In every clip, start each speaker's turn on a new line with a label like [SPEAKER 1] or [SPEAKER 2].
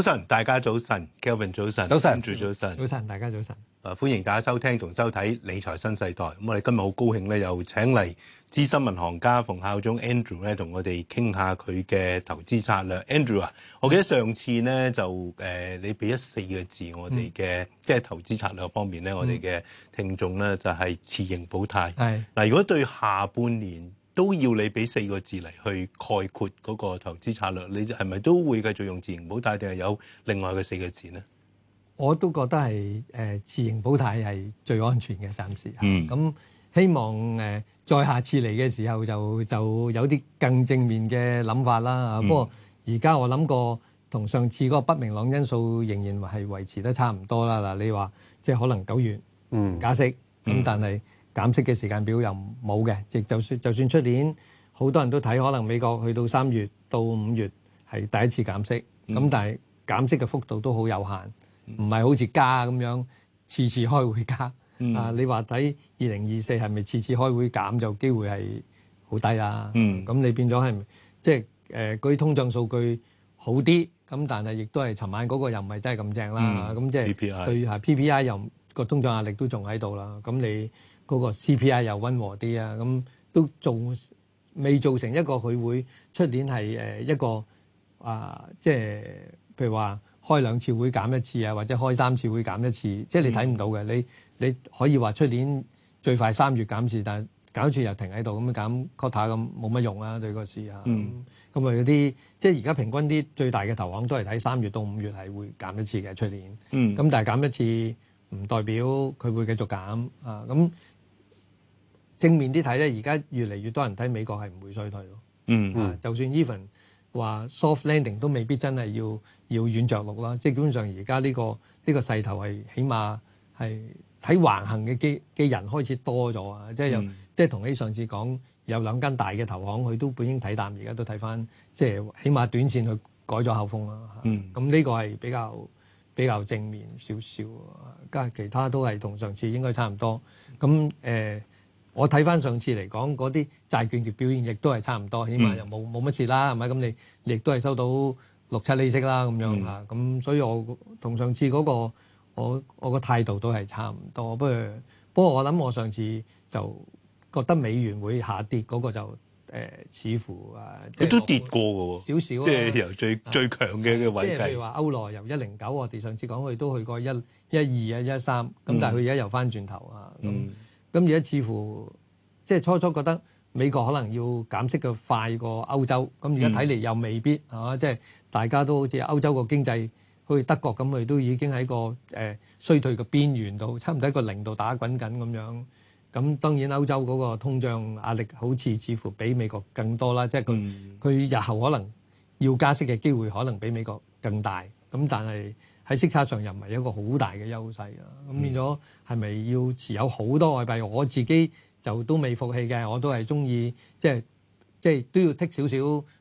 [SPEAKER 1] 早晨，大家早晨，Kevin 早晨，早晨，早晨，早晨，
[SPEAKER 2] 大家早晨。
[SPEAKER 1] 早晨啊，歡迎大家收聽同收睇理財新世代。咁、嗯、我哋今日好高興咧，又請嚟資深銀行家馮孝忠 Andrew 咧，同我哋傾下佢嘅投資策略。Andrew 啊，我記得上次咧就誒、呃，你俾咗四個字我哋嘅，嗯、即係投資策略方面咧，我哋嘅聽眾咧、嗯、就係持盈保泰。係嗱，如果對下半年，都要你俾四個字嚟去概括嗰個投資策略，你就係咪都會繼續用持盈保泰定係有另外嘅四個字呢？
[SPEAKER 2] 我都覺得係誒、持盈保泰係最安全嘅暫時。嗯，咁希望誒、呃、再下次嚟嘅時候就就有啲更正面嘅諗法啦。嗯、不過而家我諗過同上次嗰個不明朗因素仍然係維持得差唔多啦。嗱，你話即係可能九月、嗯加息咁，但係。減息嘅時間表又冇嘅，亦就算就算出年好多人都睇，可能美國去到三月到五月係第一次減息，咁、嗯、但係減息嘅幅度都好有限，唔係、嗯、好似加咁樣，次次開會加、嗯、啊！你話睇二零二四係咪次次開會減就機會係好低啦、啊？咁、嗯、你變咗係咪即係誒嗰啲通脹數據好啲，咁但係亦都係尋晚嗰個又唔係真係咁正啦。咁即係對下 PPI 又個通脹壓力都仲喺度啦。咁你嗰個 CPI 又溫和啲啊，咁、嗯、都做未造成一個佢會出年係誒一個啊、呃，即係譬如話開兩次會減一次啊，或者開三次會減一次，即係你睇唔到嘅。嗯、你你可以話出年最快三月減一次，但係減一次又停喺度，咁、嗯、減 cut a 咁冇乜用啊，對個市啊。咁咁咪有啲即係而家平均啲最大嘅投行都係睇三月到五月係會減一次嘅出年。咁、嗯、但係減一次唔代表佢會繼續減啊，咁、嗯。嗯嗯正面啲睇咧，而家越嚟越多人睇美國係唔會衰退咯。嗯、mm，hmm. 啊，就算 Even 話 soft landing 都未必真係要要軟着陸啦。即係基本上而家呢個呢、這個勢頭係起碼係睇橫行嘅機嘅人開始多咗啊、mm hmm.，即係又即係同你上次講有兩間大嘅投行，佢都本應睇淡，而家都睇翻即係起碼短線去改咗口風啦。嗯、mm，咁、hmm. 呢、啊、個係比較比較正面少少啊。加其他都係同上次應該差唔多。咁誒。呃我睇翻上次嚟講，嗰啲債券嘅表現亦都係差唔多，起碼又冇冇乜事啦，係咪？咁你亦都係收到六七利息啦，咁樣嚇。咁、嗯、所以我、嗰個，我同上次嗰個我我個態度都係差唔多。不過不過，我諗我上次就覺得美元會下跌嗰、嗰個就誒、呃，
[SPEAKER 1] 似乎啊，佢都跌過嘅喎，少少、啊啊，即係由最最強嘅嘅位。即係譬如話歐
[SPEAKER 2] 羅由一零九，我哋上次講佢都去過一一二啊，一三咁，但係佢而家又翻轉頭啊咁。咁而家似乎即係初初覺得美國可能要減息嘅快過歐洲，咁而家睇嚟又未必，係嘛、嗯啊？即係大家都好似歐洲個經濟好似德國咁，佢都已經喺個誒、呃、衰退嘅邊緣度，差唔多一個零度打滾緊咁樣，咁當然歐洲嗰個通脹壓力好似似乎比美國更多啦，即係佢佢日後可能要加息嘅機會可能比美國更大。咁但係。喺息差上又唔係一個好大嘅優勢啊！咁變咗係咪要持有好多外幣？我自己就都未服氣嘅，我都係鍾意即係即係都要剔少少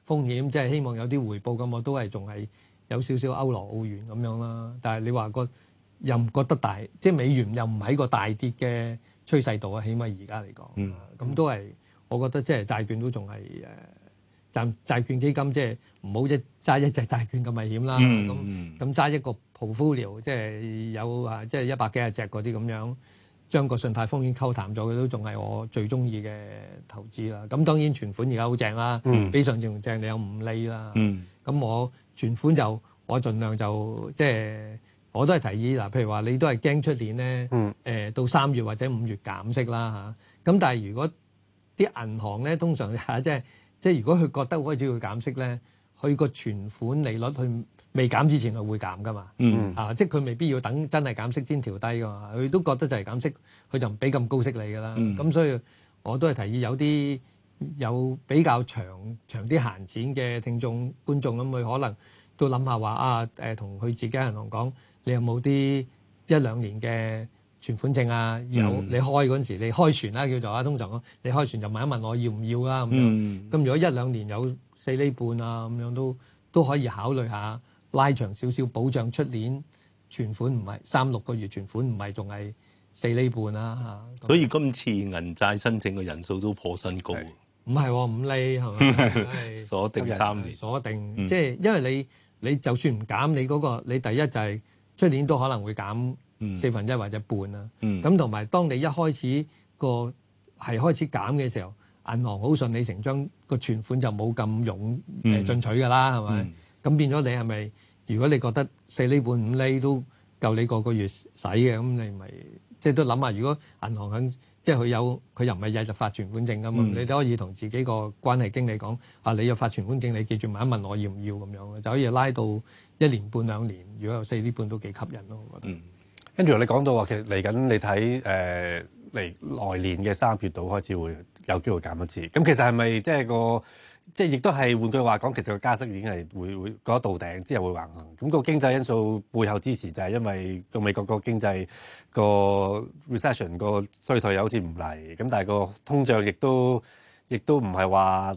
[SPEAKER 2] 風險，即係希望有啲回報咁，我都係仲係有少少歐羅、澳元咁樣啦。但係你話個又唔覺得大，即係美元又唔係個大跌嘅趨勢度啊！起碼而家嚟講，咁都係我覺得即係債券都仲係誒。債券基金即係唔好一揸一隻債券咁危險啦。咁咁揸一個 portfolio 即係有啊，即係一百幾廿隻嗰啲咁樣，將個信貸風險溝淡咗，佢都仲係我最中意嘅投資啦。咁當然存款而家好正啦，非常正正，你有五厘啦。咁我存款就我盡量就即係我都係提議嗱，譬如話你都係驚出年咧誒到三月或者五月減息啦嚇。咁但係如果啲銀行咧，通常嚇即係。即係如果佢覺得開始會減息咧，佢個存款利率佢未減之前係會減㗎嘛、mm hmm. 啊，即係佢未必要等真係減息先調低㗎嘛。佢都覺得就係減息，佢就唔俾咁高息你㗎啦。咁、mm hmm. 所以我都係提議有啲有比較長長啲閒錢嘅聽眾觀眾咁，佢可能都諗下話啊，誒同佢自己銀行講，你有冇啲一兩年嘅？存款證啊，有你開嗰陣時，你開船啦叫做啊，通常你開船就問一問我要唔要啦、啊、咁、嗯、樣。咁如果一兩年有四厘半啊，咁樣都都可以考慮下，拉長少少保障，出年存款唔係三六個月，存款唔係仲係四厘半啊。
[SPEAKER 1] 所以今次銀債申請嘅人數都破新高。
[SPEAKER 2] 唔係喎，五厘係
[SPEAKER 1] 咪？鎖 鎖定三年，鎖
[SPEAKER 2] 定，即係因為你你就算唔減、嗰個，你嗰個你第一就係出年都可能會減。四分之一或者半啦、啊，咁同埋當你一開始個係開始減嘅時候，銀行好順理成章個存款就冇咁勇誒、呃、進取㗎啦，係咪、嗯？咁變咗你係咪？如果你覺得四厘半五厘都夠你個個月使嘅，咁你咪即係都諗下，如果銀行肯即係佢有佢又唔係日日發存款證㗎嘛，嗯、你都可以同自己個關係經理講啊，你有發存款證你，你記住問一問我要唔要咁樣，就可以拉到一年半兩年，如果有四厘半都幾吸引咯，我覺
[SPEAKER 3] 得。嗯。跟住你哋講到話，其實嚟緊你睇誒嚟來年嘅三月度開始會有機會減一次。咁、嗯、其實係咪即係個即係亦都係換句話講，其實個加息已經係會會到頂之後會橫行。咁個經濟因素背後支持就係、是、因為個美國個經濟個 recession 個衰退又好似唔嚟。咁但係個通脹亦都亦都唔係話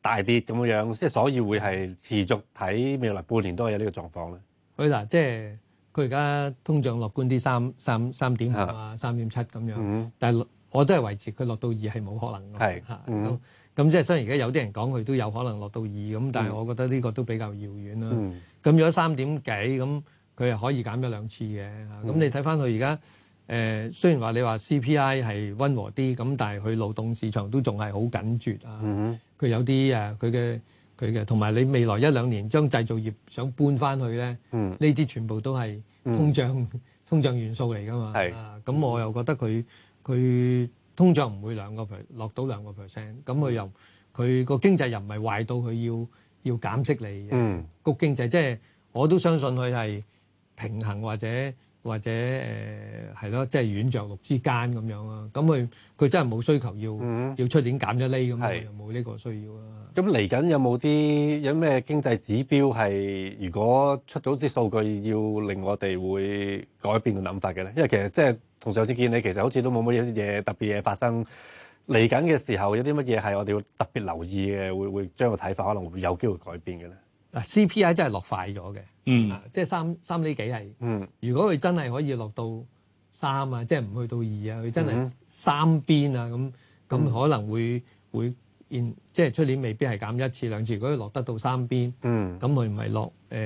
[SPEAKER 3] 大跌咁樣，即、就、係、是、所以會係持續睇未來半年都係有呢個狀況咧。
[SPEAKER 2] 佢嗱即係。啊就是佢而家通脹樂觀啲三三三點五啊，三點七咁樣，嗯、但係我都係維持佢落到二係冇可能嘅，嚇是。咁咁、嗯、即係雖然而家有啲人講佢都有可能落到二咁，但係我覺得呢個都比較遙遠啦。咁、嗯、如果三點幾咁，佢係可以減咗兩次嘅。咁、嗯、你睇翻佢而家誒，雖然話你話 CPI 係溫和啲，咁但係佢勞動市場都仲係好緊絕啊。佢、嗯、有啲啊，佢嘅。佢嘅，同埋你未來一兩年將製造業想搬翻去咧，呢啲、嗯、全部都係通脹、嗯、通脹元素嚟噶嘛？咁係、啊、我又覺得佢佢通脹唔會兩個 per 落到兩個 percent，咁佢又佢個經濟又唔係壞到佢要要減息你。嘅、嗯，個經濟即係、即係、我都相信佢係平衡或者。或者誒係咯，即係軟著陸之間咁樣咯，咁佢佢真係冇需求要、嗯、要出年減一釐咁，又冇呢個需要啊？
[SPEAKER 3] 咁嚟緊有冇啲有咩經濟指標係？如果出到啲數據要令我哋會改變個諗法嘅咧？因為其實即係同上次見你，其實好似都冇乜嘢特別嘢發生。嚟緊嘅時候有啲乜嘢係我哋要特別留意嘅？會會將個睇法可能會有機會改變嘅咧？
[SPEAKER 2] 嗱 CPI 真係落快咗嘅、
[SPEAKER 3] 嗯啊，
[SPEAKER 2] 即係三三釐幾係。嗯、如果佢真係可以落到三啊，即係唔去到二啊，佢真係三邊啊咁，咁、嗯、可能會會即係出年未必係減一次兩次。如果佢落得到三邊，咁佢唔係落誒誒、呃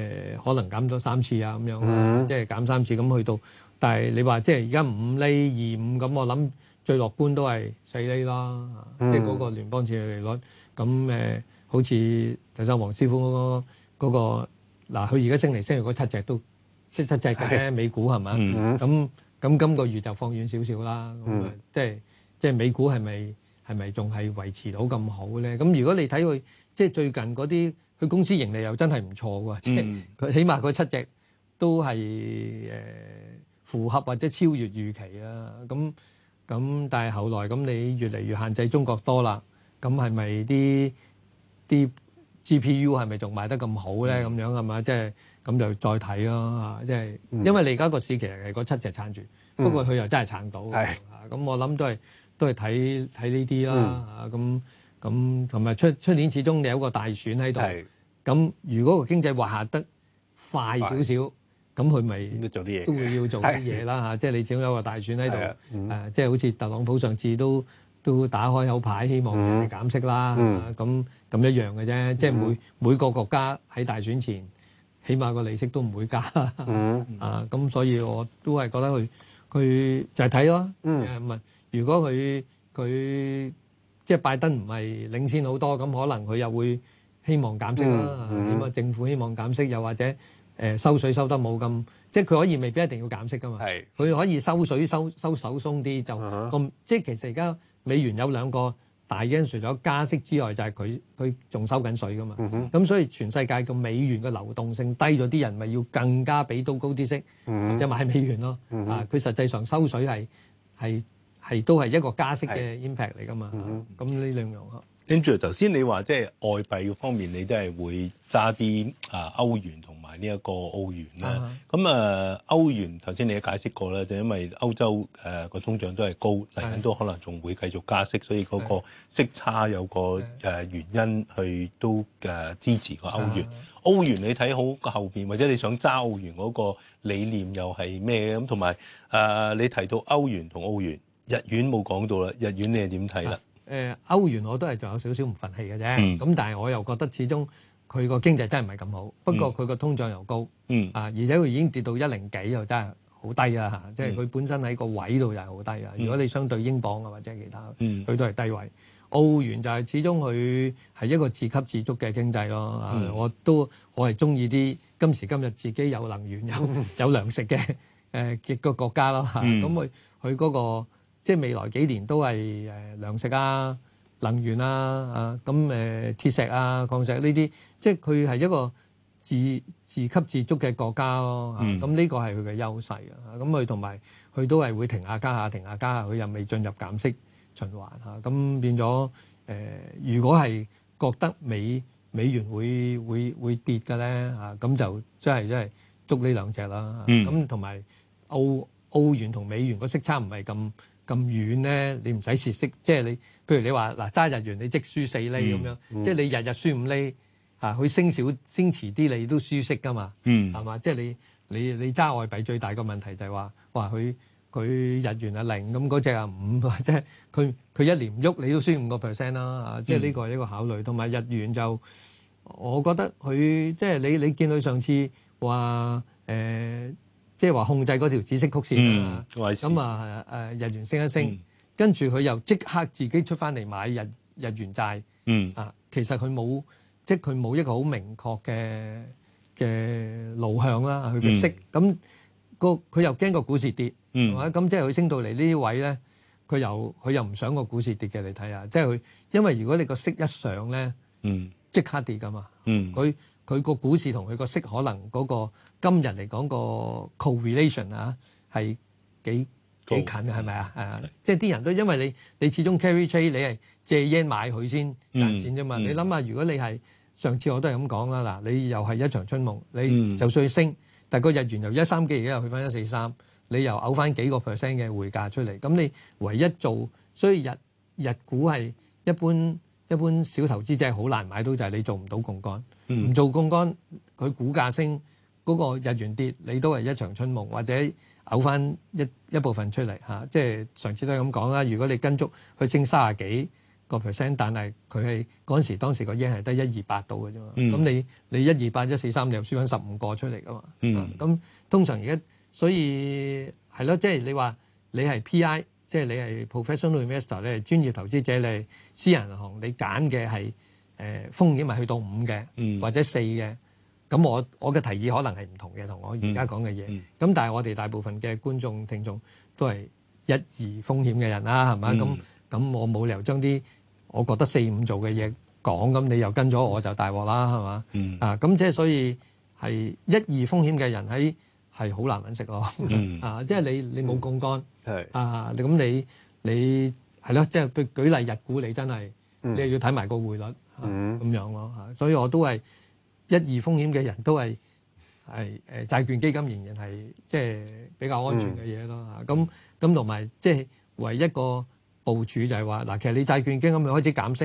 [SPEAKER 2] 呃、可能減咗三次啊咁樣啊，即係減三次咁去到。但係你話即係而家五厘二五咁，我諗最樂觀都係四厘啦，即係嗰個聯邦儲嘅利率咁誒。啊。好似頭先黃師傅嗰個嗱，佢而家升嚟升去嗰七隻都即係七隻嘅啫，美股係嘛？咁咁今個月就放遠少少啦。咁啊，即係即係美股係咪係咪仲係維持到咁好咧？咁如果你睇佢即係最近嗰啲佢公司盈利又真係唔錯喎，即係佢起碼嗰七隻都係誒符合或者超越預期啊。咁咁但係後來咁你越嚟越限制中國多啦，咁係咪啲？啲 GPU 係咪仲賣得咁好咧？咁樣係嘛？即係咁就再睇咯嚇。即係因為你而家個市其實係嗰七隻撐住，不過佢又真係撐到。係，咁我諗都係都係睇睇呢啲啦嚇。咁咁同埋出出年始終你有個大選喺度。係。咁如果個經濟滑下得快少少，咁佢咪都做啲嘢，都會要做啲嘢啦嚇。即係你始終有個大選喺度。係，誒，即係好似特朗普上次都。都打開口牌，希望人哋減息啦，咁咁、嗯啊、一樣嘅啫。即係每每個國家喺大選前，起碼個利息都唔會加、嗯、啊。咁所以我都係覺得佢佢就係睇咯。唔係、嗯、如果佢佢即係拜登唔係領先好多，咁可能佢又會希望減息啦。點、嗯嗯、啊？政府希望減息，又或者誒、呃、收水收得冇咁，即係佢可以未必一定要減息㗎嘛。佢是可以收水收收手鬆啲就咁。嗯、即係其實而家。美元有兩個大因素，除咗加息之外就，就係佢佢仲收緊水㗎嘛。咁、mm hmm. 所以全世界個美元嘅流動性低咗，啲人咪要更加俾到高啲息、mm hmm. 或者買美元咯。Mm hmm. 啊，佢實際上收水係係係都係一個加息嘅 impact 嚟㗎是嘛。咁呢兩樣
[SPEAKER 1] 跟住頭先你話即係外幣方面，你都係會揸啲啊歐元同埋呢一個澳元啦。咁啊、uh huh. 歐元頭先你都解釋過啦，就因為歐洲誒個通脹都係高，嚟緊都可能仲會繼續加息，uh huh. 所以嗰個息差有個誒原因去都誒支持個歐元。歐、uh huh. 元你睇好個後邊，或者你想揸澳元嗰個理念又係咩咁？同埋誒你提到歐元同澳元，日元冇講到啦，日元你係點睇啦？Uh huh.
[SPEAKER 2] 誒歐元我都係仲有少少唔忿氣嘅啫，咁、嗯、但係我又覺得始終佢個經濟真係唔係咁好，不過佢個通脹又高，啊、嗯、而且佢已經跌到一零幾又真係好低啊！即係佢本身喺個位度又係好低啊！如果你相對英鎊啊或者其他，佢都係低位。澳元就係始終佢係一個自給自足嘅經濟咯、嗯。我都我係中意啲今時今日自己有能源有有糧食嘅誒嘅個國家咯。咁佢佢嗰個。即係未來幾年都係誒糧食啊、能源啊啊咁誒鐵石啊、礦石呢啲，即係佢係一個自自給自足嘅國家咯。咁呢個係佢嘅優勢啊。咁佢同埋佢都係會停下加下停下加下，佢又未進入減息循環啊。咁變咗誒，如果係覺得美美元會會會跌嘅咧嚇，咁就即係即係捉呢兩隻啦。咁同埋澳澳元同美元個息差唔係咁咁遠咧，你唔使蝕息，即係你，譬如你話嗱，揸日元你即輸四厘咁樣，嗯嗯、即係你日日輸五厘嚇，佢、啊、升少升遲啲、嗯，你都輸息噶嘛，係嘛？即係你你你揸外幣最大個問題就係話話佢佢日元啊零，咁嗰隻啊五，即係佢佢一年唔喐，你都輸五個 percent 啦，啊，即係呢個係一個考慮。同埋日元就，我覺得佢即係你你見佢上次話誒。呃即係話控制嗰條紫色曲線啊，咁啊誒日元升一升，跟住佢又即刻自己出翻嚟買日日元債，嗯、啊其實佢冇即係佢冇一個好明確嘅嘅路向啦，佢嘅息咁個佢又驚個股市跌，係嘛、嗯？咁即係佢升到嚟呢啲位咧，佢又佢又唔想個股市跌嘅，你睇下，即係佢因為如果你個息一上咧，即、嗯、刻跌㗎嘛，佢、嗯。佢個股市同佢個息可能嗰個今日嚟講個 correlation 啊，係幾幾近係咪啊？誒，即係啲人都因為你你始終 carry trade，你係借 yen 買佢先賺錢啫嘛。你諗下，如果你係上次我都係咁講啦，嗱，你又係一場春夢，你就算升，但係個日元由一三幾而家又去翻一四三，你又嘔翻幾個 percent 嘅匯價出嚟。咁你唯一做，所以日日股係一般一般小投資者好難買到，就係你做唔到槓桿。唔、mm hmm. 做槓桿，佢股價升嗰、那個日元跌，你都係一場春夢，或者嘔翻一一部分出嚟嚇、啊。即係上次都係咁講啦。如果你跟足去升三十幾個 percent，但係佢係嗰陣時當時個 yen 係得一二八度嘅啫嘛。咁、mm hmm. 你你一二八一四三，你又輸翻十五個出嚟噶嘛。咁、啊 mm hmm. 通常而家所以係咯，即係你話你係 PI，即係你係 professional investor 你咧，專業投資者你咧，私人行你揀嘅係。誒風險咪去到五嘅，或者四嘅，咁我我嘅提議可能係唔同嘅，同我而家講嘅嘢。咁但係我哋大部分嘅觀眾聽眾都係一二風險嘅人啦，係咪？咁咁我冇理由將啲我覺得四五做嘅嘢講，咁你又跟咗我就大鑊啦，係嘛？啊咁即係所以係一二風險嘅人喺係好難揾食咯。啊，即係你你冇槓桿係啊，你咁你你係咯，即係舉例日股你真係你又要睇埋個匯率。嗯，咁、mm hmm. 樣咯嚇，所以我都係一二風險嘅人，都係係誒債券基金仍然係即係比較安全嘅嘢咯嚇。咁咁同埋即係唯一個部署就係話嗱，其實你債券基金開始減息，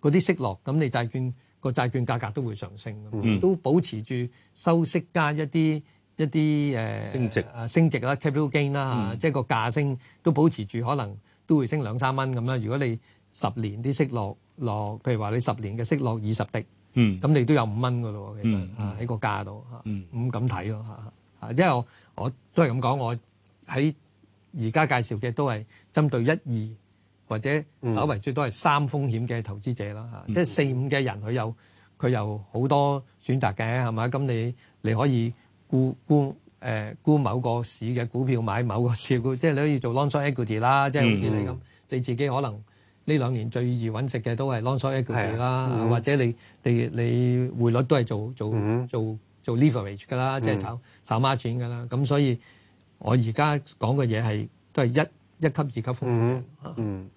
[SPEAKER 2] 嗰啲息落，咁你債券個債券價格都會上升、mm，hmm. 都保持住收息加一啲一啲誒、uh、升值啊升值啦 capital gain 啦嚇、mm，hmm. 即係個價升都保持住，可能都會升兩三蚊咁啦。如果你十年啲息落。落，譬如話你十年嘅息落二十滴，咁你都有五蚊嘅咯，其實喺個價度，唔敢睇咯嚇。因為我都係咁講，我喺而家介紹嘅都係針對一二或者稍為最多係三風險嘅投資者啦嚇。即係四五嘅人佢有佢有好多選擇嘅係咪？咁你你可以沽沽誒沽某個市嘅股票買某個市股，即係你可以做 long short equity 啦，即係好似你咁，你自己可能。呢兩年最易揾食嘅都係 long short equity 啦，嗯、或者你你你，你匯率都係做做做做 leverage 噶啦，嗯、即係炒炒孖展噶啦。咁所以我而家講嘅嘢係都係一一級二級風險，嗯。嗯，
[SPEAKER 3] 嗯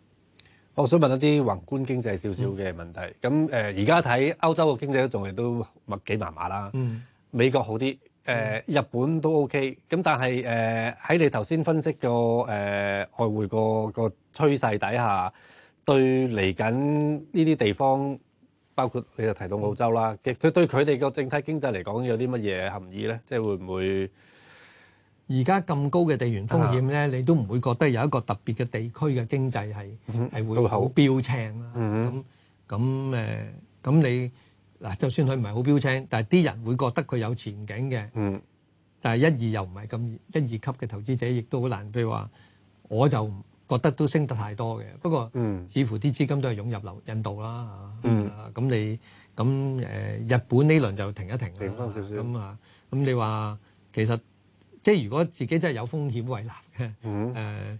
[SPEAKER 3] 我想問一啲宏觀經濟少少嘅問題。咁誒、嗯，而家睇歐洲嘅經濟都仲係都密幾麻麻啦。嗯、美國好啲，誒、呃、日本都 OK。咁但係誒喺你頭先分析個誒、呃、外匯個、那個趨勢底下。對嚟緊呢啲地方，包括你就提到澳洲啦，佢對佢哋個整體經濟嚟講有啲乜嘢含義呢？即係會唔會
[SPEAKER 2] 而家咁高嘅地緣風險呢？你都唔會覺得有一個特別嘅地區嘅經濟係係會好標青啦。咁咁誒，咁你嗱，就算佢唔係好標青，但係啲人會覺得佢有前景嘅。嗯，但係一二又唔係咁一二級嘅投資者亦都好難。譬如話，我就。覺得都升得太多嘅，不過似乎啲資金都係湧入流印度啦嚇，咁你咁誒日本呢輪就停一停，停翻少少，咁啊，咁你話其實即係如果自己真係有風險為難嘅，誒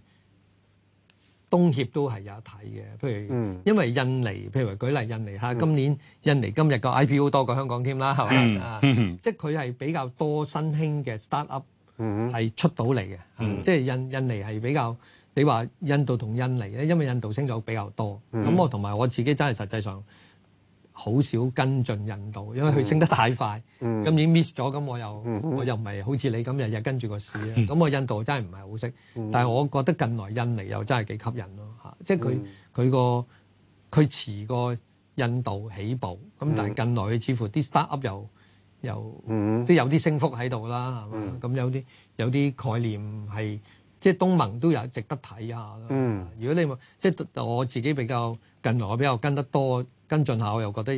[SPEAKER 2] 東協都係有得睇嘅，譬如因為印尼，譬如舉例印尼嚇，今年印尼今日個 IPO 多過香港添啦，係咪啊？即係佢係比較多新興嘅 start up 係出到嚟嘅，即係印印尼係比較。你話印度同印尼咧，因為印度升咗比較多，咁、嗯、我同埋我自己真係實際上好少跟進印度，因為佢升得太快，咁、嗯、已經 miss 咗，咁我又、嗯、我又唔係好似你咁日日跟住個市，咁、嗯、我印度我真係唔係好識，嗯、但係我覺得近來印尼又真係幾吸引咯嚇，即係佢佢個佢遲過印度起步，咁但係近來似乎啲 startup 又又、又、嗯、都有啲升幅喺度啦，係嘛？咁有啲有啲概念係。即係東盟都有值得睇下咯。嗯、如果你話即係我自己比較近來我比較跟得多跟進下，我又覺得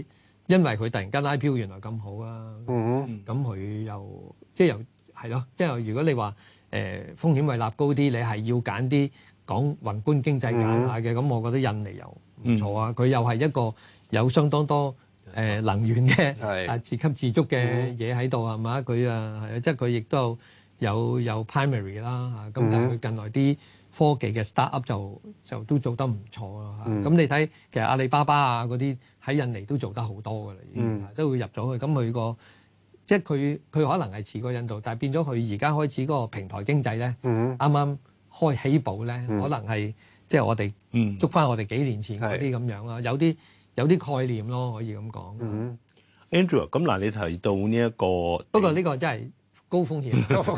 [SPEAKER 2] 因為佢突然間 IPO 原來咁好啊。咁佢、嗯、又即係由係咯，即係如果你話誒、呃、風險位立高啲，你係要揀啲講宏觀經濟揀下嘅，咁、嗯、我覺得印尼又唔錯啊。佢、嗯、又係一個有相當多誒、呃、能源嘅啊、嗯、自給自足嘅嘢喺度啊嘛，佢啊係啊，即係佢亦都。有。有有 primary 啦、啊、嚇，咁但係佢近來啲科技嘅 start up 就就都做得唔錯咯嚇。咁、啊嗯啊、你睇其實阿里巴巴啊嗰啲喺印尼都做得好多㗎啦、嗯啊，都會入咗去。咁、啊、佢個即係佢佢可能係遲過印度，但係變咗佢而家開始嗰個平台經濟咧，啱啱、嗯、開起步咧，嗯、可能係即係我哋捉翻我哋幾年前嗰啲咁樣啦、嗯，有啲有啲概念咯，可
[SPEAKER 1] 以咁講。啊、Andrew，咁嗱你提到呢一個、
[SPEAKER 2] 啊，不過呢個真係。高風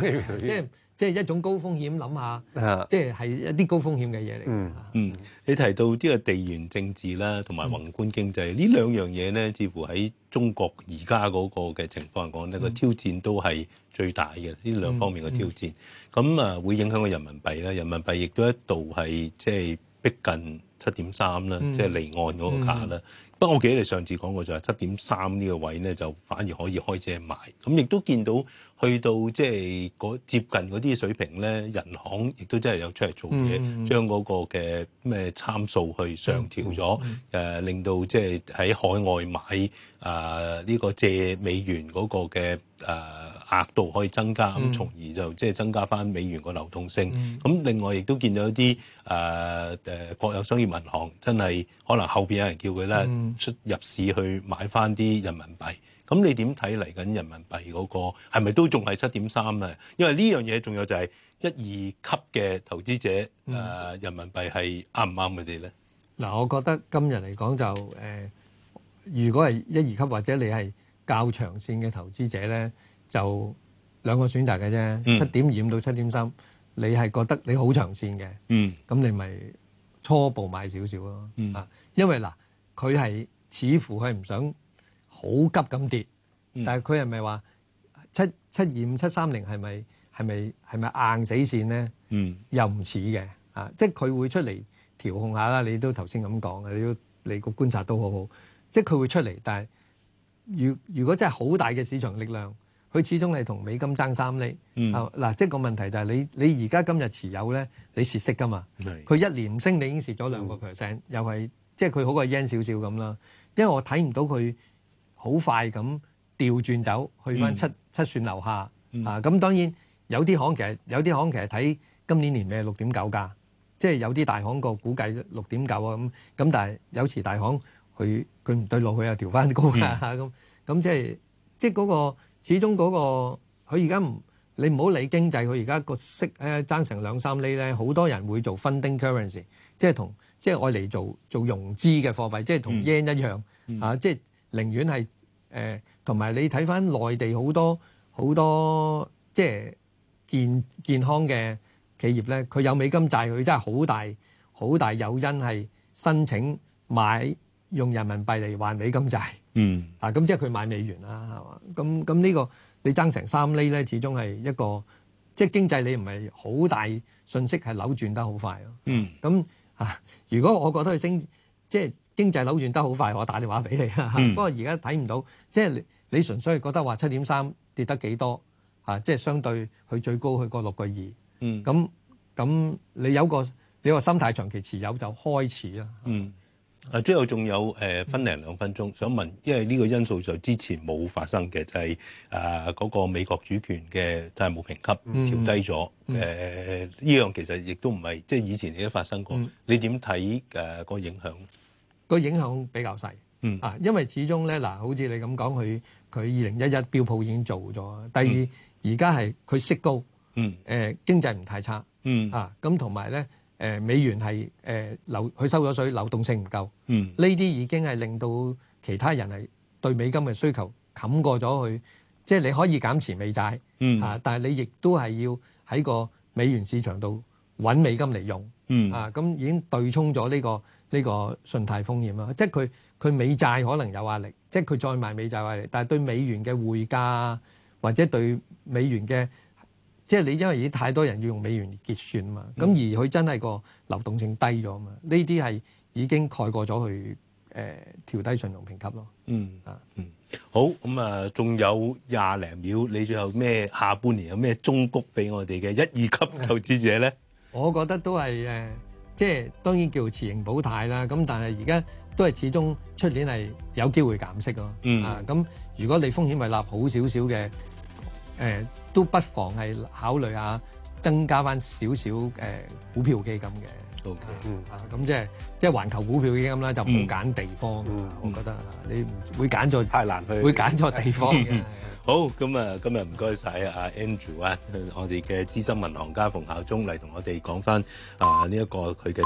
[SPEAKER 2] 險，即係即係一種高風險，諗下，即係係一啲高風險嘅嘢嚟
[SPEAKER 1] 嘅。嗯，你提到呢個地緣政治啦，同埋宏觀經濟呢兩樣嘢咧，似乎喺中國而家嗰個嘅情況嚟講呢個挑戰都係最大嘅呢兩方面嘅挑戰。咁啊，會影響個人民幣啦，人民幣亦都一度係即係逼近七點三啦，即係離岸嗰個價啦。不過 我記得你上次講過就係七點三呢個位咧，就反而可以開車買。咁亦都見到。去到即係接近嗰啲水平咧，人行亦都真係有出嚟做嘢，嗯嗯、將嗰個嘅咩參數去上調咗，誒、嗯嗯啊、令到即係喺海外買誒呢、啊這個借美元嗰個嘅誒、啊、額度可以增加，嗯、從而就即係增加翻美元個流動性。咁、嗯嗯、另外亦都見到一啲誒誒國有商業銀行真係可能後邊有人叫佢咧、嗯、出入市去買翻啲人民幣。咁你點睇嚟緊人民幣嗰個係咪都仲係七點三啊？因為呢樣嘢仲有就係一、二級嘅投資者誒，人民幣係啱唔啱佢哋咧？
[SPEAKER 2] 嗱，我覺得今日嚟講就誒，如果係一、二級或者你係較長線嘅投資者咧，就兩個選擇嘅啫，七點二五到七點三，你係覺得你好長線嘅，嗯，咁你咪初步買少少咯，啊，因為嗱，佢係似乎佢係唔想好急咁跌，但係佢係咪話七七二五七三零係咪係咪係咪硬死線咧？嗯、又唔似嘅啊！即係佢會出嚟調控下啦。你都頭先咁講，你都你個觀察都好好。即係佢會出嚟，但係如如果真係好大嘅市場力量，佢始終係同美金爭三釐。嗱、嗯啊，即係個問題就係你你而家今日持有咧，你蝕息㗎嘛？佢是一年唔升，你已經蝕咗兩個 percent，又係即係佢好過 yen 少少咁啦。因為我睇唔到佢。好快咁調轉走去、嗯，去翻七七算樓下嚇、啊。咁當然有啲行其實有啲行其實睇今年年尾六點九價，即係有啲大行個估計六點九啊咁。咁但係有時大行佢佢唔對落去又調翻高、嗯、啊咁。咁、嗯嗯、即係即係嗰個始終嗰、那個佢而家唔你唔好理經濟，佢而家個息誒爭成兩三厘咧，好多人會做 funding currency，即係同即係我嚟做做融資嘅貨幣，即係同 yen 一樣嚇、啊，即係。寧願係誒，同、呃、埋你睇翻內地好多好多即係健健康嘅企業咧，佢有美金債，佢真係好大好大誘因係申請買用人民幣嚟還美金債。嗯啊，咁即係佢買美元啦，係嘛？咁咁呢個你爭成三厘咧，始終係一個即係經濟，你唔係好大訊息係扭轉得好快咯、啊。嗯，咁啊，如果我覺得佢升。即係經濟扭轉得好快，我打電話俾你、嗯、啊！不過而家睇唔到，即係你純粹係覺得話七點三跌得幾多啊？即係相對佢最高去過六個二。嗯。咁咁，你有個你個心態長期持有就開始啦。
[SPEAKER 1] 嗯。啊，最後仲有誒、呃、分零兩分鐘，嗯、想問，因為呢個因素就之前冇發生嘅，就係啊嗰個美國主權嘅債務評級調低咗。誒、嗯，呢、嗯嗯嗯、樣其實亦都唔係即係以前你都發生過。你點睇誒個影響？
[SPEAKER 2] 個影響比
[SPEAKER 1] 較細，啊，
[SPEAKER 2] 因為始終咧嗱，好似你咁講，佢佢二零一一標普已經做咗。第二而家係佢息高，誒、嗯嗯、經濟唔太差，嗯、啊咁同埋咧誒美元係誒、呃、流佢收咗水，流動性唔夠，呢啲、嗯、已經係令到其他人係對美金嘅需求冚過咗佢，即係你可以減持美債，嚇、啊，但係你亦都係要喺個美元市場度揾美金嚟用，啊，咁、嗯嗯嗯嗯、已經對沖咗呢個。呢個信貸風險啊，即係佢佢美債可能有壓力，即係佢再賣美債壓力，但係對美元嘅匯價或者對美元嘅，即係你因為已經太多人要用美元結算啊嘛，咁、嗯、而佢真係個流動性低咗啊嘛，呢啲係已經蓋過咗佢誒調低信用評級咯、嗯。嗯啊，嗯
[SPEAKER 1] 好咁啊，仲有廿零秒，你仲有咩下半年有咩忠告俾我哋嘅一、二級投資者咧？ 我覺得都係誒。呃即
[SPEAKER 2] 係當然叫做持盈保泰啦，咁但係而家都係始終出年係有機會減息咯。啊，咁、嗯啊、如果你風險係立好少少嘅，誒、呃、都不妨係考慮下增加翻少少誒股票基金嘅。OK，嗯啊，咁即係即係環球股票基金啦，就唔揀地方，我覺得你會揀錯，太難
[SPEAKER 1] 去會揀錯地方嘅。好，咁啊，今日唔該曬啊，Andrew 啊，我哋嘅資深銀行家馮孝忠嚟同我哋講翻啊呢一個佢嘅。